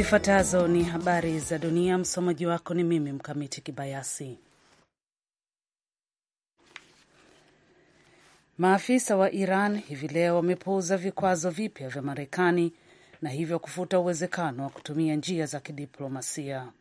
Zifuatazo ni habari za dunia. Msomaji wako ni mimi Mkamiti Kibayasi. Maafisa wa Iran hivi leo wamepuuza vikwazo vipya vya Marekani na hivyo kufuta uwezekano wa kutumia njia za kidiplomasia.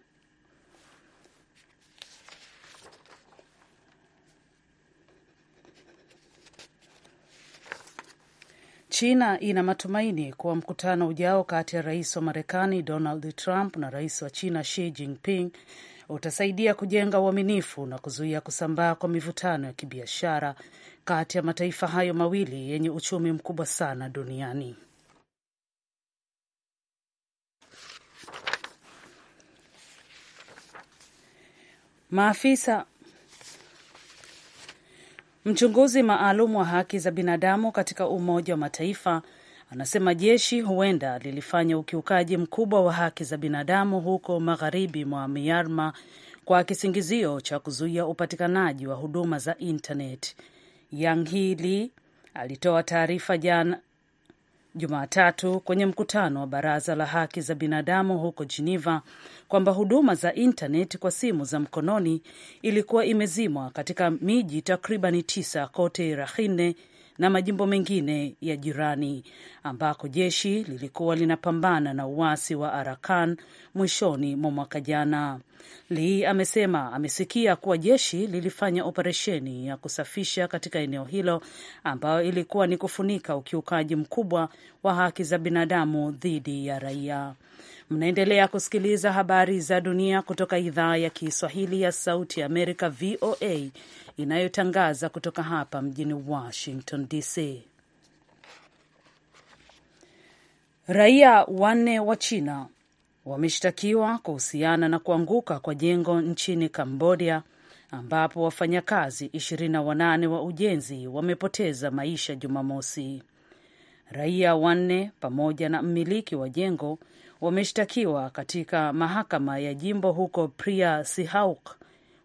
China ina matumaini kuwa mkutano ujao kati ya rais wa Marekani Donald Trump na rais wa China Xi Jinping utasaidia kujenga uaminifu na kuzuia kusambaa kwa mivutano ya kibiashara kati ya mataifa hayo mawili yenye uchumi mkubwa sana duniani. Maafisa Mchunguzi maalum wa haki za binadamu katika Umoja wa Mataifa anasema jeshi huenda lilifanya ukiukaji mkubwa wa haki za binadamu huko magharibi mwa Myanmar kwa kisingizio cha kuzuia upatikanaji wa huduma za intanet. Yanghili alitoa taarifa jana Jumatatu kwenye mkutano wa Baraza la Haki za Binadamu huko Geneva kwamba huduma za intaneti kwa simu za mkononi ilikuwa imezimwa katika miji takribani tisa kote Rakhine na majimbo mengine ya jirani ambako jeshi lilikuwa linapambana na uasi wa Arakan mwishoni mwa mwaka jana. Lee amesema amesikia kuwa jeshi lilifanya operesheni ya kusafisha katika eneo hilo ambayo ilikuwa ni kufunika ukiukaji mkubwa wa haki za binadamu dhidi ya raia. Mnaendelea kusikiliza habari za dunia kutoka idhaa ya Kiswahili ya Sauti ya Amerika, VOA, inayotangaza kutoka hapa mjini Washington DC. Raia wanne wa China wameshtakiwa kuhusiana na kuanguka kwa jengo nchini cambodia ambapo wafanyakazi 28 wa ujenzi wamepoteza maisha Jumamosi. Raia wanne pamoja na mmiliki wa jengo wameshtakiwa katika mahakama ya jimbo huko Pria Sihauk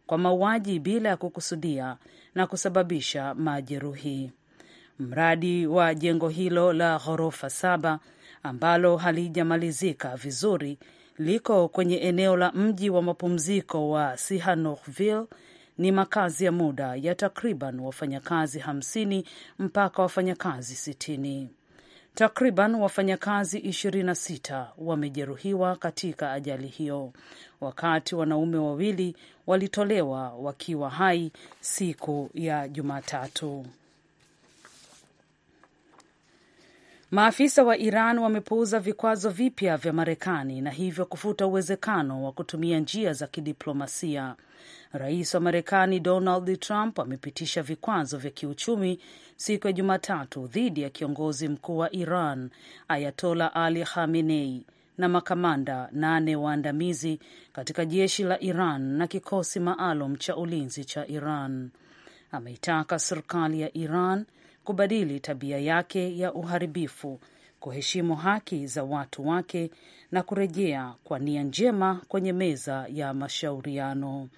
kwa mauaji bila ya kukusudia na kusababisha majeruhi. Mradi wa jengo hilo la ghorofa saba ambalo halijamalizika vizuri liko kwenye eneo la mji wa mapumziko wa Sihanoukville ni makazi ya muda ya takriban wafanyakazi hamsini mpaka wafanyakazi sitini. Takriban wafanyakazi 26 wamejeruhiwa katika ajali hiyo, wakati wanaume wawili walitolewa wakiwa hai siku ya Jumatatu. Maafisa wa Iran wamepuuza vikwazo vipya vya Marekani na hivyo kufuta uwezekano wa kutumia njia za kidiplomasia. Rais wa Marekani Donald Trump amepitisha vikwazo vya kiuchumi siku ya Jumatatu dhidi ya kiongozi mkuu wa Iran Ayatola Ali Khamenei na makamanda nane waandamizi katika jeshi la Iran na kikosi maalum cha ulinzi cha Iran. Ameitaka serikali ya Iran kubadili tabia yake ya uharibifu, kuheshimu haki za watu wake na kurejea kwa nia njema kwenye meza ya mashauriano.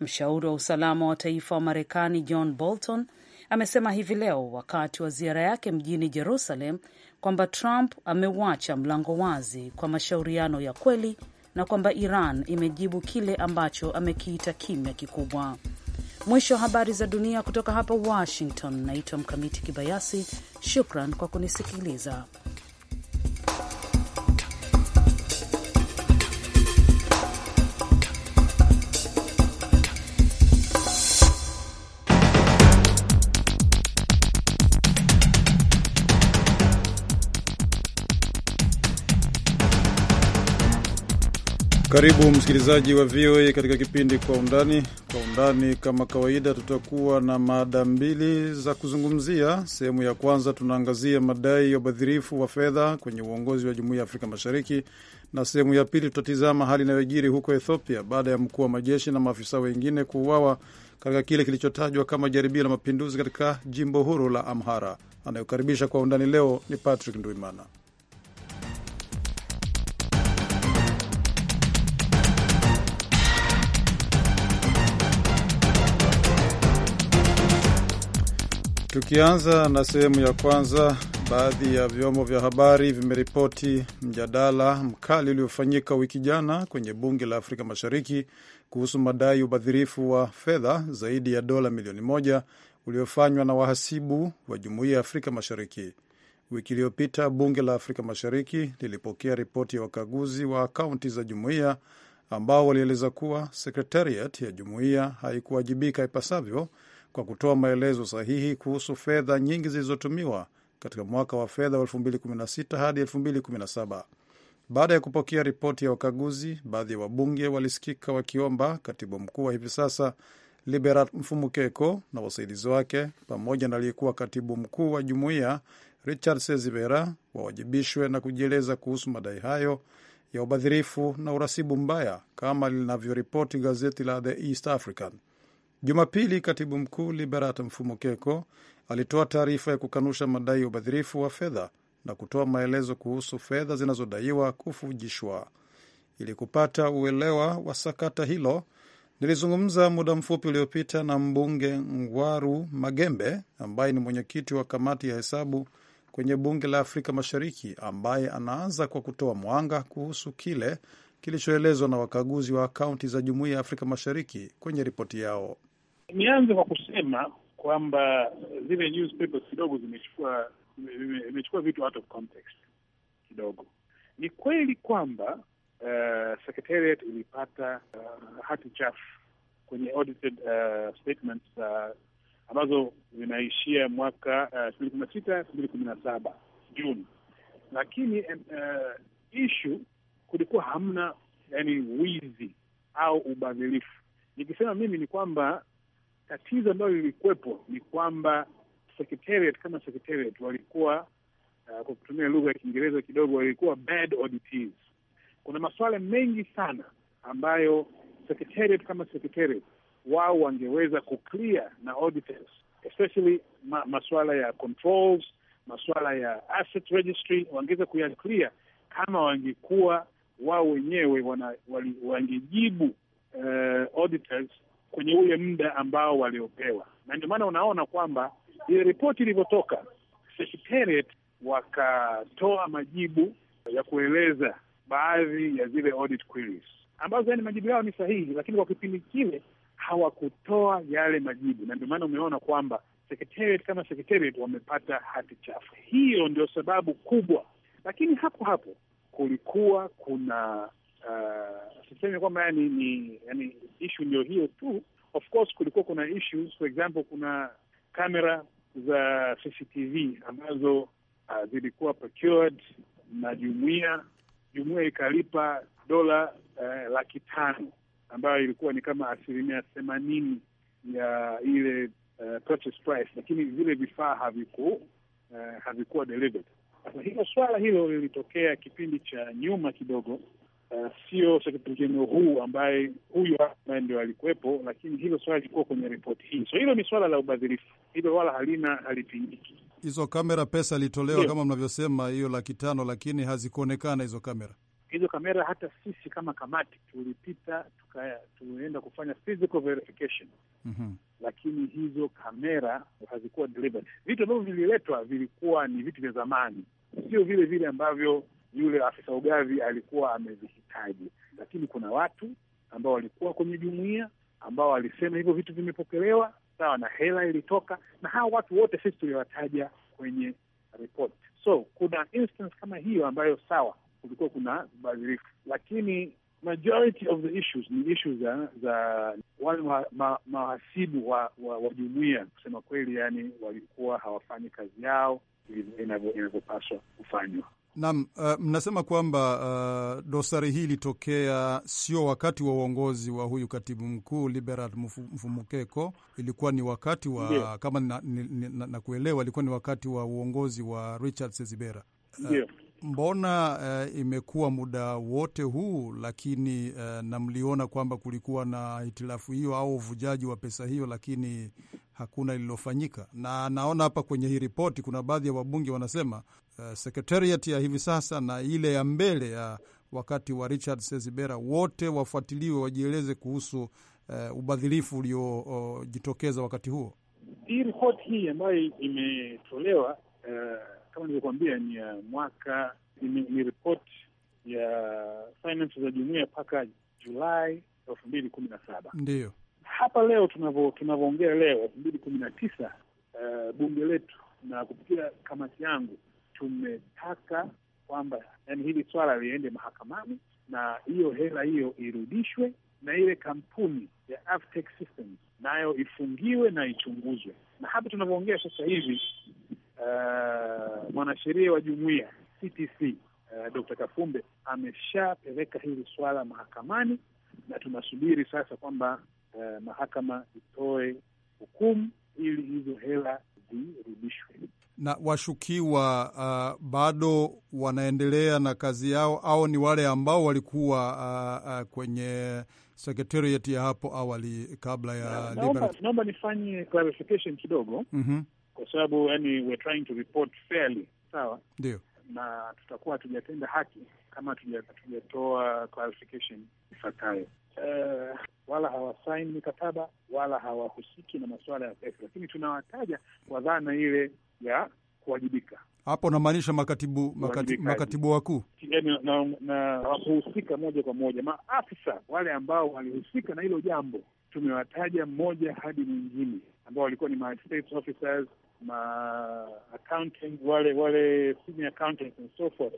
Mshauri wa usalama wa taifa wa Marekani John Bolton amesema hivi leo wakati wa ziara yake mjini Jerusalem kwamba Trump ameuacha mlango wazi kwa mashauriano ya kweli na kwamba Iran imejibu kile ambacho amekiita kimya kikubwa. Mwisho wa habari za dunia kutoka hapa Washington. Naitwa Mkamiti Kibayasi, shukran kwa kunisikiliza. Karibu msikilizaji wa VOA katika kipindi kwa undani. Kwa undani, kama kawaida, tutakuwa na mada mbili za kuzungumzia. Sehemu ya kwanza tunaangazia madai ya ubadhirifu wa fedha kwenye uongozi wa Jumuiya ya Afrika Mashariki, na sehemu ya pili tutatizama hali inayojiri huko Ethiopia baada ya mkuu wa majeshi na maafisa wengine kuuawa katika kile kilichotajwa kama jaribio la mapinduzi katika jimbo huru la Amhara. Anayokaribisha kwa undani leo ni Patrick Ndwimana. Tukianza na sehemu ya kwanza, baadhi ya vyombo vya habari vimeripoti mjadala mkali uliofanyika wiki jana kwenye bunge la Afrika Mashariki kuhusu madai ubadhirifu wa fedha zaidi ya dola milioni moja uliofanywa na wahasibu wa Jumuiya ya Afrika Mashariki. Wiki iliyopita bunge la Afrika Mashariki lilipokea ripoti ya wakaguzi wa akaunti za jumuiya ambao walieleza kuwa sekretariat ya jumuiya haikuwajibika ipasavyo kwa kutoa maelezo sahihi kuhusu fedha nyingi zilizotumiwa katika mwaka wa fedha wa 2016 hadi 2017. Baada ya kupokea ripoti ya wakaguzi, baadhi ya wabunge walisikika wakiomba katibu mkuu wa hivi sasa Liberat Mfumukeko na wasaidizi wake pamoja na aliyekuwa katibu mkuu wa jumuiya Richard Sezibera wawajibishwe na kujieleza kuhusu madai hayo ya ubadhirifu na urasibu mbaya kama linavyoripoti gazeti la The East African. Jumapili, katibu mkuu Liberata Mfumukeko alitoa taarifa ya kukanusha madai ya ubadhirifu wa fedha na kutoa maelezo kuhusu fedha zinazodaiwa kufujishwa. Ili kupata uelewa wa sakata hilo, nilizungumza muda mfupi uliopita na mbunge Ngwaru Magembe ambaye ni mwenyekiti wa kamati ya hesabu kwenye bunge la Afrika Mashariki, ambaye anaanza kwa kutoa mwanga kuhusu kile kilichoelezwa na wakaguzi wa akaunti za Jumuiya ya Afrika Mashariki kwenye ripoti yao. Nianze kwa kusema kwamba zile newspapers kidogo zimechukua imechukua vitu out of context kidogo. Ni kweli kwamba uh, secretariat ilipata uh, hati chafu kwenye audited uh, statements uh, ambazo zinaishia mwaka elfu mbili kumi na sita elfu mbili kumi na saba Juni, lakini uh, ishu kulikuwa hamna yani wizi au ubadhilifu. Nikisema mimi ni kwamba Tatizo ambalo lilikuwepo ni kwamba secretariat kama secretariat walikuwa uh, kwa kutumia lugha ya Kiingereza kidogo, walikuwa bad auditees. Kuna masuala mengi sana ambayo secretariat kama secretariat wao wangeweza kuclear na auditors, especially ma masuala ya controls, masuala ya asset registry wangeweza kuyaclear kama wangekuwa wao wenyewe wangejibu uh, auditors kwenye ule muda ambao waliopewa, na ndio maana unaona kwamba ile ripoti ilivyotoka, Secretariat wakatoa majibu ya kueleza baadhi ya zile audit queries ambazo yani majibu yao ni sahihi, lakini kwa kipindi kile hawakutoa yale majibu, na ndio maana umeona kwamba Secretariat kama Secretariat wamepata hati chafu. Hiyo ndio sababu kubwa, lakini hapo hapo kulikuwa kuna uh, sisemi kwamba yani ni yani issue ndio hiyo tu. Of course kulikuwa kuna issues, for example kuna kamera za CCTV ambazo uh, zilikuwa procured na jumuia. Jumuia ikalipa dola uh, laki tano ambayo ilikuwa ni kama asilimia themanini ya ile uh, purchase price, lakini vile vifaa haviku uh, havikuwa delivered. Sasa hilo swala hilo lilitokea kipindi cha nyuma kidogo uh, sio Sekretariat huu ambaye huyu ambaye ndio alikuwepo, lakini hilo swala lilikuwa kwenye ripoti hii. So hilo ni swala la ubadhirifu, hilo wala halina halipingiki. Hizo kamera pesa ilitolewa kama mnavyosema hiyo laki tano, lakini hazikuonekana hizo kamera hizo kamera hata sisi kama kamati tulipita tuka, tuenda kufanya physical verification mm -hmm. Lakini hizo kamera hazikuwa delivered. Vitu ambavyo vililetwa vilikuwa ni vitu vya zamani, sio vile vile ambavyo yule afisa ugavi alikuwa amevihitaji, lakini kuna watu ambao walikuwa kwenye jumuia ambao walisema hivyo vitu vimepokelewa sawa na hela ilitoka, na hawa watu wote sisi tuliwataja kwenye ripoti. So kuna instance kama hiyo ambayo sawa, kulikuwa kuna badhirifu, lakini majority of the issues ni issues za za wale mawasibu ma, wa, wa, wa kusema kweli, yani walikuwa hawafanyi kazi yao inavyopaswa kufanywa. Naam, uh, mnasema kwamba uh, dosari hii ilitokea sio wakati wa uongozi wa huyu katibu mkuu Liberat Mfumukeko, ilikuwa ni wakati wa yeah. kama nakuelewa na, na ilikuwa ni wakati wa uongozi wa Richard Sezibera. Uh, mbona uh, imekuwa muda wote huu lakini uh, na mliona kwamba kulikuwa na hitilafu hiyo au uvujaji wa pesa hiyo, lakini hakuna lililofanyika. Na naona hapa kwenye hii ripoti kuna baadhi ya wabunge wanasema Eh, sekretariat ya hivi sasa na ile ya mbele ya wakati wa Richard Sezibera, wote wafuatiliwe, wajieleze kuhusu uh, ubadhirifu uliojitokeza uh, wakati huo. Hii ripoti hii ambayo imetolewa uh, kama nilivyokuambia ni ya mwaka ni, ni ripoti ya finance za jumuia mpaka Julai elfu mbili kumi na saba. Ndiyo hapa leo tunavyoongea leo elfu mbili kumi na tisa, uh, bunge letu na kupitia kamati yangu tumetaka kwamba yani hili swala liende mahakamani na hiyo hela hiyo irudishwe, na ile kampuni ya Systems nayo ifungiwe na ichunguzwe. Na hapa tunavyoongea sasa hivi, uh, mwanasheria wa jumuiya CTC uh, Dr. Kafumbe ameshapeleka hili swala mahakamani na tunasubiri sasa kwamba uh, mahakama itoe hukumu ili hizo hela zirudishwe na washukiwa uh, bado wanaendelea na kazi yao au ni wale ambao walikuwa uh, uh, kwenye sekretariat ya hapo awali kabla ya naomba nifanye clarification kidogo mm -hmm. kwa sababu yani we're trying to report fairly sawa ndio na tutakuwa hatujatenda haki kama hatujatoa clarification ifatayo uh, wala hawasaini mikataba wala hawahusiki na masuala ya pesa, lakini tunawataja kwa dhana ile ya kuwajibika hapo. Namaanisha makatibu makatibu, makatibu wakuu na, wakuhusika moja kwa moja, maafisa wale ambao walihusika na hilo jambo. Tumewataja mmoja hadi mwingine ambao walikuwa ni ma officers, ma accounting, wale wale senior accountants and so forth,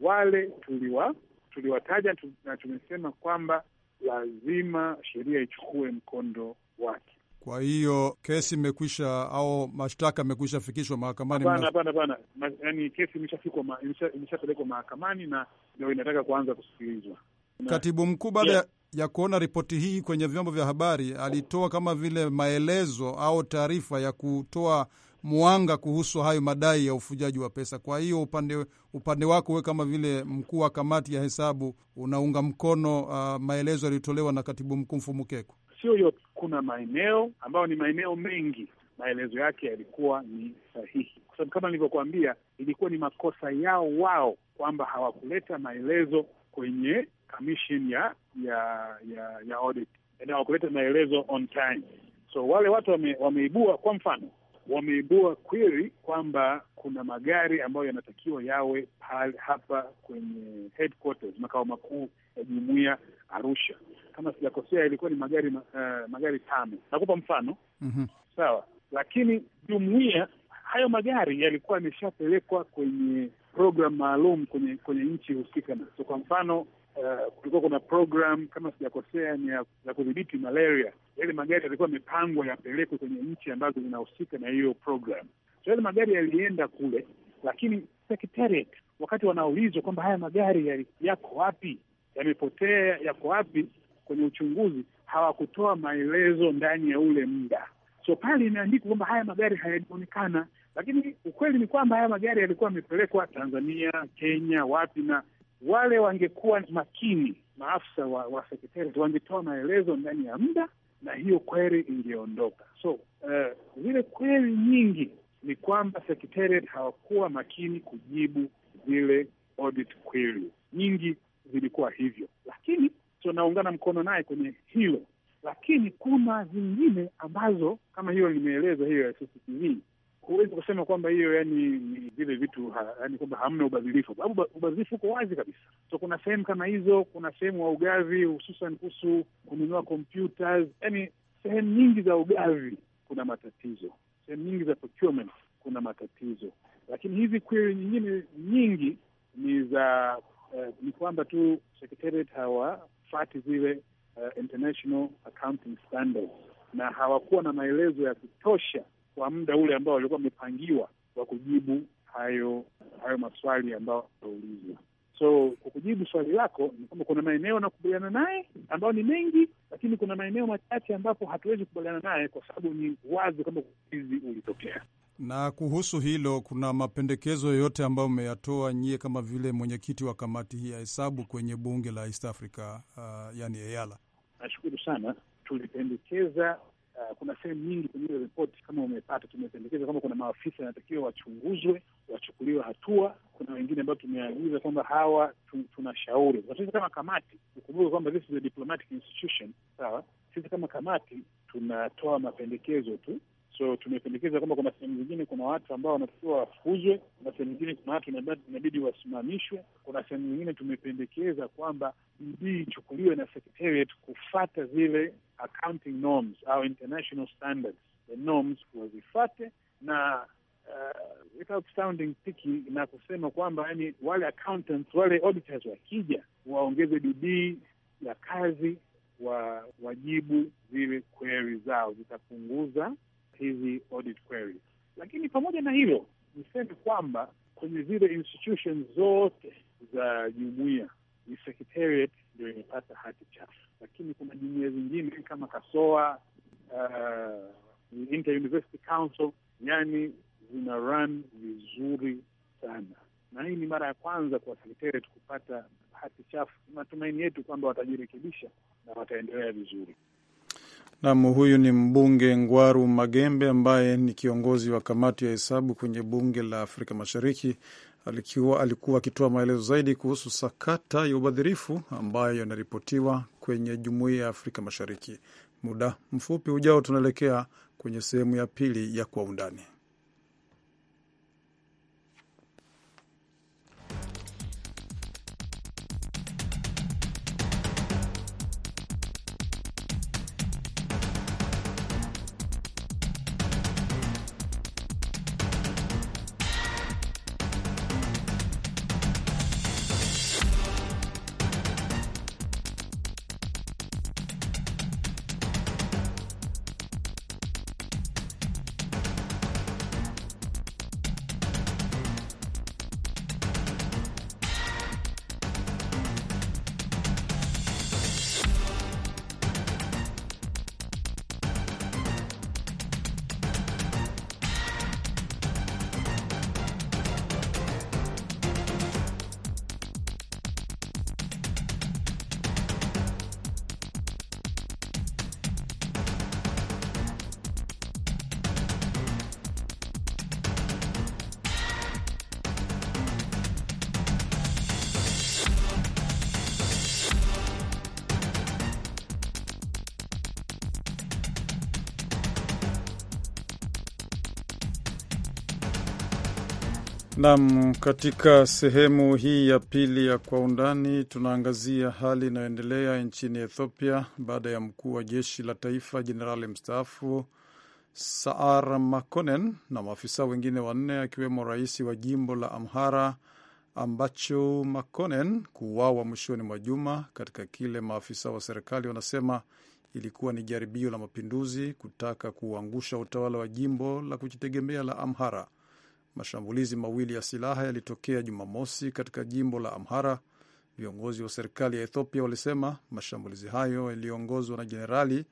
wale tuliwa tuliwataja na tumesema kwamba lazima sheria ichukue mkondo wake. Kwa hiyo kesi imekwisha au mashtaka amekwisha fikishwa mahakamani? Hapana, hapana, hapana, yani kesi imeshapelekwa ma, mahakamani na ndio inataka kuanza kusikilizwa. Katibu mkuu baada yeah, ya kuona ripoti hii kwenye vyombo vya habari alitoa kama vile maelezo au taarifa ya kutoa mwanga kuhusu hayo madai ya ufujaji wa pesa. Kwa hiyo upande upande wako wewe kama vile mkuu wa kamati ya hesabu unaunga mkono uh, maelezo yaliyotolewa na katibu mkuu Mfumukeko? sio yote. Kuna maeneo ambayo ni maeneo mengi maelezo yake yalikuwa ni sahihi, kwa sababu kama nilivyokuambia, ilikuwa ni makosa yao wao kwamba hawakuleta maelezo kwenye commission ya ya ya ya audit, hawakuleta maelezo on time. So wale watu wame, wameibua kwa mfano wameibua kweli kwamba kuna magari ambayo yanatakiwa yawe pale hapa kwenye headquarters, makao makuu ya jumuiya Arusha, kama sijakosea, ilikuwa ni magari uh, magari tano. Nakupa mfano mm -hmm. Sawa, lakini jumuiya, hayo magari yalikuwa yameshapelekwa kwenye program maalum kwenye kwenye nchi husika na so, kwa mfano Uh, kulikuwa kuna program kama sijakosea ni ya, ya kudhibiti malaria. Yale magari yalikuwa yamepangwa yapelekwe kwenye nchi ambazo zinahusika na hiyo program, so yale magari yalienda kule, lakini secretariat wakati wanaulizwa kwamba haya magari yako wapi, yamepotea, yako wapi kwenye uchunguzi, hawakutoa maelezo ndani ya ule muda. So pale imeandikwa kwamba haya magari hayajaonekana, lakini ukweli ni kwamba haya magari yalikuwa yamepelekwa Tanzania, Kenya, wapi, na wale wangekuwa makini, maafisa wa, wa sekretarieti wangetoa maelezo ndani ya muda na hiyo kweli ingeondoka. So eh, zile uh, kweli nyingi ni kwamba secretariat hawakuwa makini kujibu zile audit queries nyingi zilikuwa hivyo, lakini tunaungana mkono naye kwenye hilo, lakini kuna zingine ambazo kama hiyo limeeleza hiyo ya CCTV huwezi kusema kwamba hiyo yani ni vile vitu ha, yani kwamba hamna ubadhilifu, sababu ubadhilifu uko wazi kabisa. So kuna sehemu kama hizo, kuna sehemu wa ugavi, hususan kuhusu kununua kompyuta, yani sehemu nyingi za ugavi kuna matatizo, sehemu nyingi za procurement kuna matatizo, lakini hizi kweli nyingine nyingi ni za uh, ni kwamba tu secretariat hawafati zile uh, eh, international accounting standards na hawakuwa na maelezo ya kutosha kwa muda ule ambao walikuwa wamepangiwa wa kujibu hayo hayo maswali ambayo wataulizwa. So kwa kujibu swali lako ni kwamba kuna maeneo nakubaliana naye ambayo ni mengi, lakini kuna maeneo machache ambapo hatuwezi kukubaliana naye kwa sababu ni wazi kwamba hizi ulitokea na kuhusu hilo, kuna mapendekezo yoyote ambayo mmeyatoa nyie kama vile mwenyekiti wa kamati hii ya hesabu kwenye bunge la East Africa, uh, yani EALA? Nashukuru sana. Tulipendekeza uh, kuna sehemu nyingi kwenye ile ripoti kama umepata, tumependekeza kwamba kuna maafisa yanatakiwa wachunguzwe, wachukuliwe hatua. Kuna wengine ambao tumeagiza kwamba hawa tunashauri sisi kama kamati. Ukumbuke kwamba this is a diplomatic institution, sawa? Sisi kama kamati tunatoa mapendekezo tu So tumependekeza kwamba kuna sehemu zingine kuna watu ambao wanatakiwa wafukuzwe, kuna sehemu zingine kuna watu inabidi wasimamishwe, kuna sehemu zingine tumependekeza kwamba bidii ichukuliwe na Secretariat kufata zile accounting norms au international standards, the norms wazifate na uh, without sounding picky na kusema kwamba yani, wale accountants wale auditors wakija waongeze bidii ya kazi, wa wajibu zile kweri zao, zitapunguza hizi audit queries. Lakini pamoja na hilo, niseme kwamba kwenye zile institutions zote za jumuia ni secretariat ndio imepata hati chafu, lakini kuna jumuia zingine kama Kasoa, uh, Interuniversity Council, yani zina run vizuri sana, na hii ni mara ya kwanza kwa secretariat kupata hati chafu. Matumaini yetu kwamba watajirekebisha na wataendelea vizuri. Nam, huyu ni mbunge Ngwaru Magembe ambaye ni kiongozi wa kamati ya hesabu kwenye bunge la Afrika Mashariki. Alikuwa, alikuwa akitoa maelezo zaidi kuhusu sakata ya ubadhirifu ambayo yanaripotiwa kwenye jumuiya ya Afrika Mashariki. Muda mfupi ujao tunaelekea kwenye sehemu ya pili ya Kwa Undani. Nam, katika sehemu hii ya pili ya kwa undani tunaangazia hali inayoendelea nchini Ethiopia baada ya mkuu wa jeshi la taifa jenerali mstaafu Saar Makonnen na maafisa wengine wanne akiwemo rais wa jimbo la Amhara ambacho Makonnen kuuawa mwishoni mwa juma katika kile maafisa wa serikali wanasema ilikuwa ni jaribio la mapinduzi kutaka kuuangusha utawala wa jimbo la kujitegemea la Amhara. Mashambulizi mawili ya silaha yalitokea Jumamosi katika jimbo la Amhara. Viongozi wa serikali ya Ethiopia walisema mashambulizi hayo yaliyoongozwa na jenerali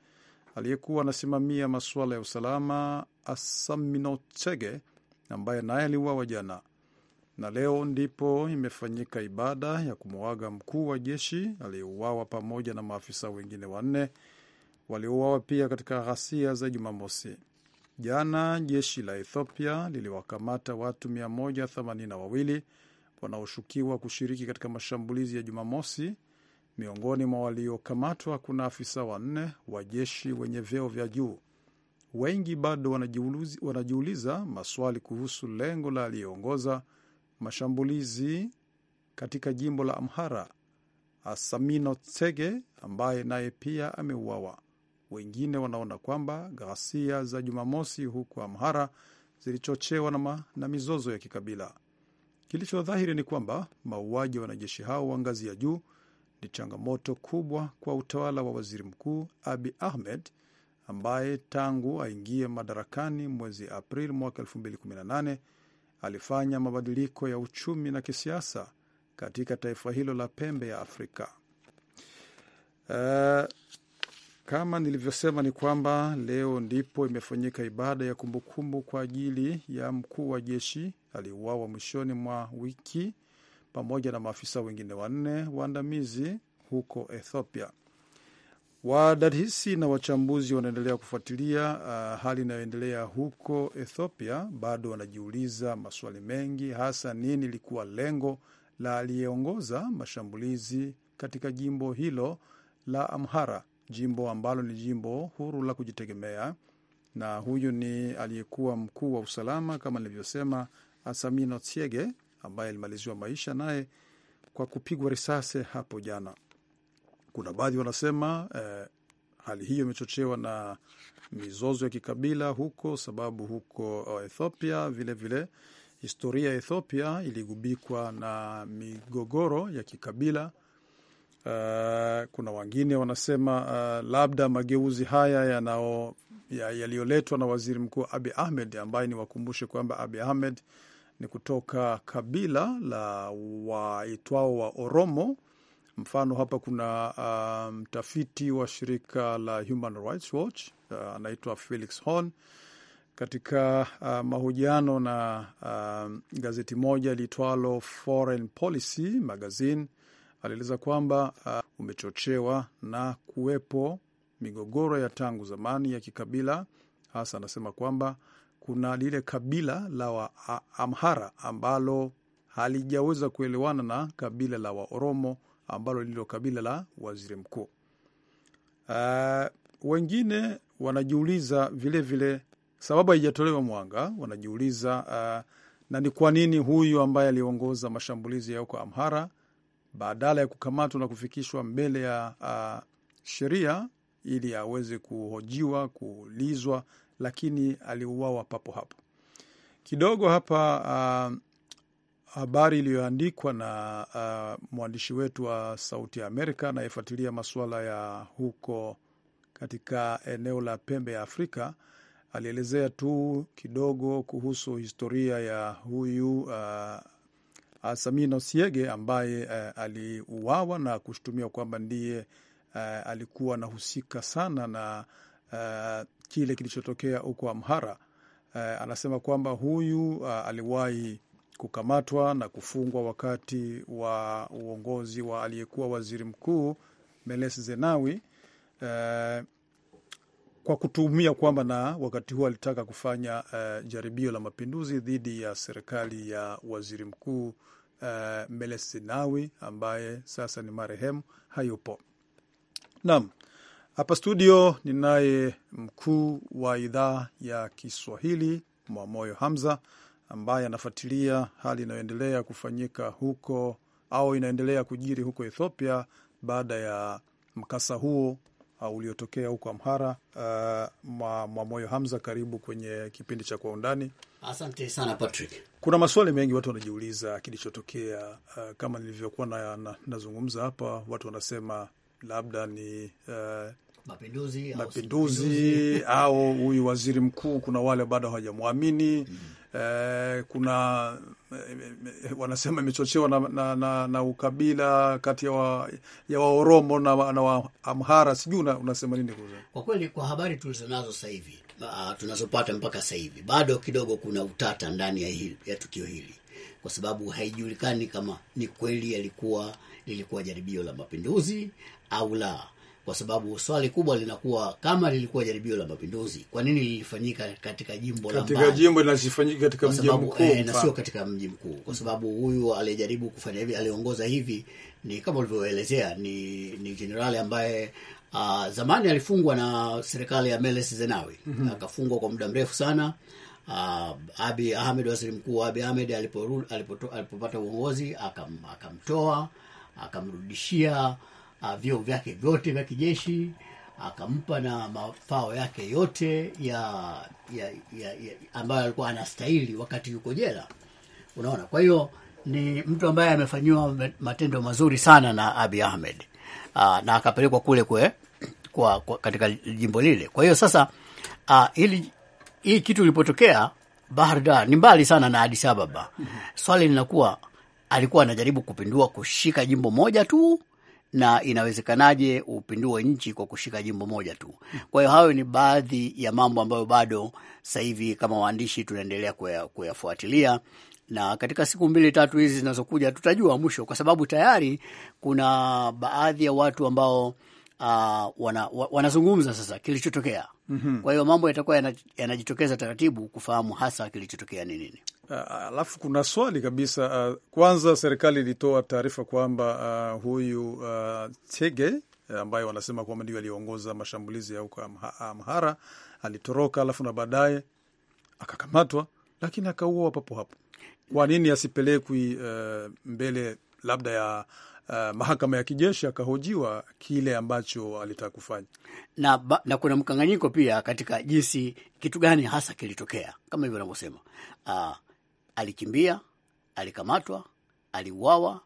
aliyekuwa anasimamia masuala ya usalama Asaminochege, ambaye naye aliuawa jana. Na leo ndipo imefanyika ibada ya kumwaga mkuu wa jeshi aliyeuawa pamoja na maafisa wengine wanne waliouawa pia katika ghasia za Jumamosi. Jana jeshi la Ethiopia liliwakamata watu 182 wanaoshukiwa kushiriki katika mashambulizi ya Jumamosi. Miongoni mwa waliokamatwa kuna afisa wanne wa jeshi wenye vyeo vya juu. Wengi bado wanajiuliza, wanajiuliza maswali kuhusu lengo la aliyeongoza mashambulizi katika jimbo la Amhara, Asamino Tsege, ambaye naye pia ameuawa. Wengine wanaona kwamba ghasia za Jumamosi huko Amhara zilichochewa na, na mizozo ya kikabila. Kilicho dhahiri ni kwamba mauaji ya wanajeshi hao wa ngazi ya juu ni changamoto kubwa kwa utawala wa waziri mkuu Abi Ahmed ambaye tangu aingie madarakani mwezi april mwaka 2018 alifanya mabadiliko ya uchumi na kisiasa katika taifa hilo la pembe ya Afrika. Uh, kama nilivyosema ni kwamba leo ndipo imefanyika ibada ya kumbukumbu kwa ajili ya mkuu wa jeshi aliuawa mwishoni mwa wiki pamoja na maafisa wengine wanne waandamizi huko Ethiopia. Wadadisi na wachambuzi wanaendelea kufuatilia uh, hali inayoendelea huko Ethiopia. Bado wanajiuliza maswali mengi, hasa nini ilikuwa lengo la aliyeongoza mashambulizi katika jimbo hilo la Amhara jimbo ambalo ni jimbo huru la kujitegemea, na huyu ni aliyekuwa mkuu wa usalama kama nilivyosema, Asamino Tsiege ambaye alimaliziwa maisha naye kwa kupigwa risasi hapo jana. Kuna baadhi wanasema eh, hali hiyo imechochewa na mizozo ya kikabila huko, sababu huko eh, Ethiopia vilevile vile, historia ya Ethiopia iligubikwa na migogoro ya kikabila Uh, kuna wengine wanasema uh, labda mageuzi haya yanao yaliyoletwa na waziri mkuu Abi Ahmed ambaye ni wakumbushe kwamba Abi Ahmed ni kutoka kabila la waitwao wa Oromo. Mfano hapa kuna uh, mtafiti um, wa shirika la Human Rights Watch uh, anaitwa uh, Felix Horn katika uh, mahojiano na uh, gazeti moja liitwalo Foreign Policy Magazine alieleza kwamba uh, umechochewa na kuwepo migogoro ya tangu zamani ya kikabila. Hasa anasema kwamba kuna lile kabila la Waamhara ambalo halijaweza kuelewana na kabila la Waoromo ambalo lilo kabila la waziri mkuu. Uh, wengine wanajiuliza vilevile, sababu haijatolewa mwanga, wanajiuliza uh, na ni kwa nini huyu ambaye aliongoza mashambulizi ya huko Amhara badala ya kukamatwa na kufikishwa mbele ya uh, sheria ili aweze kuhojiwa, kuulizwa, lakini aliuawa papo hapo. Kidogo hapa uh, habari iliyoandikwa na uh, mwandishi wetu wa Sauti ya Amerika anayefuatilia masuala ya huko katika eneo la pembe ya Afrika alielezea tu kidogo kuhusu historia ya huyu uh, Ah, Samin Osiege ambaye uh, aliuawa na kushutumiwa kwamba ndiye uh, alikuwa anahusika sana na uh, kile kilichotokea huko Amhara. Uh, anasema kwamba huyu uh, aliwahi kukamatwa na kufungwa wakati wa uongozi wa aliyekuwa waziri mkuu Meles Zenawi uh, kwa kutumia kwamba na wakati huo alitaka kufanya uh, jaribio la mapinduzi dhidi ya serikali ya waziri mkuu Eh, Melesinawi ambaye sasa ni marehemu hayupo. Naam, hapa studio ninaye mkuu wa idhaa ya Kiswahili Mwamoyo Hamza ambaye anafuatilia hali inayoendelea kufanyika huko au inaendelea kujiri huko Ethiopia baada ya mkasa huo uh, uliotokea huko Amhara uh, Mwamoyo Hamza, karibu kwenye kipindi cha Kwa Undani. Asante sana Patrick. Kuna maswali mengi watu wanajiuliza kilichotokea. Uh, kama nilivyokuwa na, na, nazungumza hapa, watu wanasema labda ni uh, mapinduzi, mapinduzi au huyu waziri mkuu, kuna wale bado hawajamwamini. mm -hmm. Eh, kuna wanasema imechochewa na, na, na, na ukabila kati ya, wa, ya Waoromo na, na Waamhara. Sijui unasema nini kuzo? Kwa kweli kwa habari tulizonazo sasa hivi uh, tunazopata mpaka sasa hivi bado kidogo kuna utata ndani ya, hili, ya tukio hili kwa sababu haijulikani kama ni kweli yalikuwa lilikuwa jaribio la mapinduzi au la kwa sababu swali kubwa linakuwa kama lilikuwa jaribio la mapinduzi, kwa nini lilifanyika katika jimbo la katika jimbo linasifanyika katika mji mkuu eh, na sio katika mji mkuu, kwa sababu huyu aliyejaribu kufanya hivi, aliongoza hivi, ni kama ulivyoelezea, ni ni jenerali ambaye uh, zamani alifungwa na serikali ya Meles Zenawi mm -hmm. akafungwa kwa muda mrefu sana. Uh, Abi Ahmed, waziri mkuu Abi Ahmed alipo, alipopata uongozi akam, akamtoa akamrudishia Ah, vyo vyake vyote vya kijeshi, akampa na mafao yake yote ya, ya, ya, ya ambayo alikuwa anastahili wakati yuko jela. Unaona, kwa hiyo ni mtu ambaye amefanyiwa matendo mazuri sana na Abi Ahmed aa, ah, na akapelekwa kule kwe, kwa, kwa katika jimbo lile. Kwa hiyo sasa uh, ili hii kitu ilipotokea Bahardar ni mbali sana na Addis Ababa. Mhm. Swali linakuwa alikuwa anajaribu kupindua kushika jimbo moja tu na inawezekanaje upindue nchi kwa kushika jimbo moja tu. Kwa hiyo hayo ni baadhi ya mambo ambayo bado sasa hivi kama waandishi tunaendelea kuyafuatilia na katika siku mbili tatu hizi zinazokuja tutajua mwisho, kwa sababu tayari kuna baadhi ya watu ambao uh, wana, wanazungumza sasa kilichotokea. mm -hmm. Kwa hiyo mambo yatakuwa yanajitokeza taratibu kufahamu hasa kilichotokea ni nini. Uh, alafu uh, kuna swali kabisa uh, kwanza serikali ilitoa taarifa kwamba uh, huyu uh, Chege uh, ambaye wanasema kwamba ndio aliongoza mashambulizi ya huko Amhara alitoroka, alafu na baadaye akakamatwa, lakini akauawa papo hapo. Kwa nini asipelekwi uh, mbele labda ya uh, mahakama ya kijeshi akahojiwa kile ambacho alitaka kufanya na, ba, na kuna mkanganyiko pia katika jinsi kitu gani hasa kilitokea kama hivyo anavyosema. Uh, alikimbia, alikamatwa, aliuawa,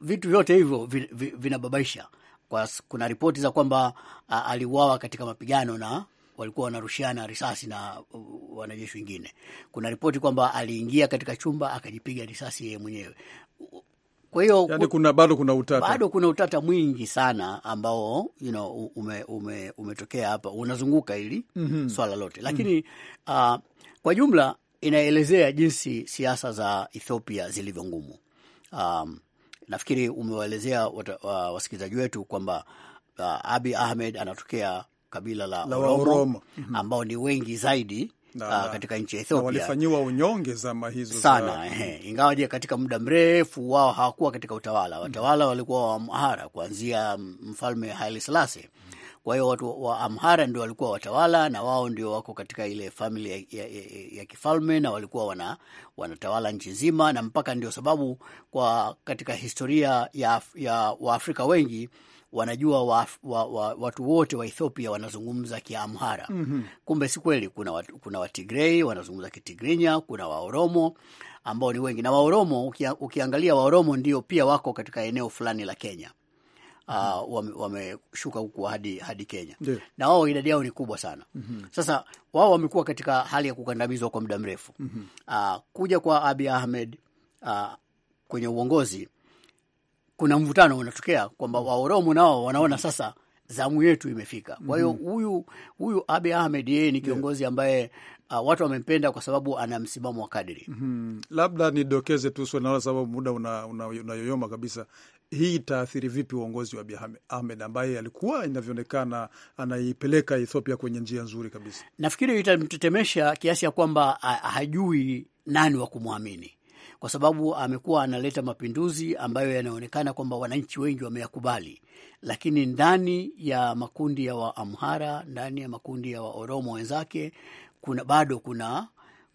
vitu vyote hivyo vinababaisha kwa, kuna ripoti za kwamba uh, aliuawa katika mapigano na walikuwa wanarushiana risasi na wanajeshi wengine. Kuna ripoti kwamba aliingia katika chumba akajipiga risasi yeye mwenyewe. Kwa hiyo yani kuna, bado kuna utata, bado kuna utata mwingi sana ambao you know, ume, ume, umetokea hapa unazunguka hili mm -hmm. swala lote mhm. lakini mm -hmm. uh, kwa jumla inaelezea jinsi siasa za Ethiopia zilivyo ngumu. Um, nafikiri umewaelezea uh, wasikilizaji wetu kwamba uh, ah, Abi Ahmed anatokea kabila la, la Oromo mhm. ambao ni wengi zaidi Da, da. Ah, katika nchi ya Ethiopia walifanyiwa unyonge zama hizo sana za... Eh, ingawaje katika muda mrefu wao hawakuwa katika utawala. Mm. Watawala walikuwa wa Amhara kuanzia mfalme Haile Selassie. Kwa hiyo watu wa Amhara ndio walikuwa watawala na wao ndio wako katika ile famili ya, ya, ya, ya kifalme na walikuwa wana, wanatawala nchi nzima, na mpaka ndio sababu kwa katika historia ya, ya Waafrika wengi wanajua wa, wa, wa, watu wote wa Ethiopia wanazungumza Kiamhara. mm -hmm. Kumbe si kweli. Kuna, wa, kuna Watigrei wanazungumza Kitigrinya, kuna Waoromo ambao ni wengi, na Waoromo ukia, ukiangalia Waoromo ndio pia wako katika eneo fulani la Kenya. Uh, wameshuka wame huku hadi, hadi Kenya De. Na wao idadi yao ni kubwa sana. mm -hmm. Sasa wao wamekuwa katika hali ya kukandamizwa kwa muda mrefu. mm -hmm. Uh, kuja kwa Abi Ahmed uh, kwenye uongozi kuna mvutano unatokea kwamba mm. Waoromo nao wanaona mm. sasa zamu yetu imefika. Kwa hiyo mm-hmm. huyu huyu Abe Ahmed yeye ni kiongozi ambaye Uh, watu wamempenda kwa sababu ana msimamo wa kadiri. mm -hmm. Labda nidokeze tu swali naona sababu muda unayoyoma una, una kabisa. Hii itaathiri vipi uongozi wa Abiy Ahmed ambaye alikuwa inavyoonekana anaipeleka Ethiopia kwenye njia nzuri kabisa? Nafikiri itamtetemesha kiasi ya kwamba uh, hajui nani wa kumwamini kwa sababu amekuwa analeta mapinduzi ambayo yanaonekana kwamba wananchi wengi wameyakubali, lakini ndani ya makundi ya Waamhara, ndani ya makundi ya Waoromo wenzake kuna bado kuna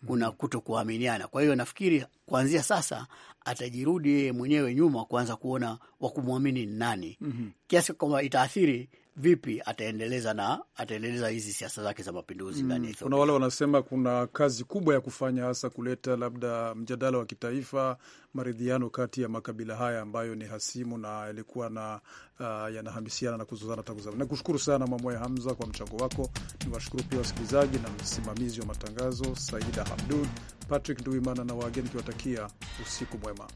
kuna kutokuaminiana. Kwa hiyo nafikiri kuanzia sasa atajirudi yeye mwenyewe nyuma kuanza kuona wakumwamini nani, mm -hmm. kiasi kwamba itaathiri vipi ataendeleza na ataendeleza hizi siasa zake za mapinduzi mm, ndani ya Kuna wale wanasema kuna kazi kubwa ya kufanya, hasa kuleta labda mjadala wa kitaifa, maridhiano kati ya makabila haya ambayo ni hasimu na yalikuwa na uh, yanahamisiana na kuzozana tangu zamani. Nakushukuru sana Mwamoya Hamza kwa mchango wako. Niwashukuru pia wasikilizaji na msimamizi wa matangazo Saida Hamdun, Patrick nduimana na wageni kiwatakia usiku mwema.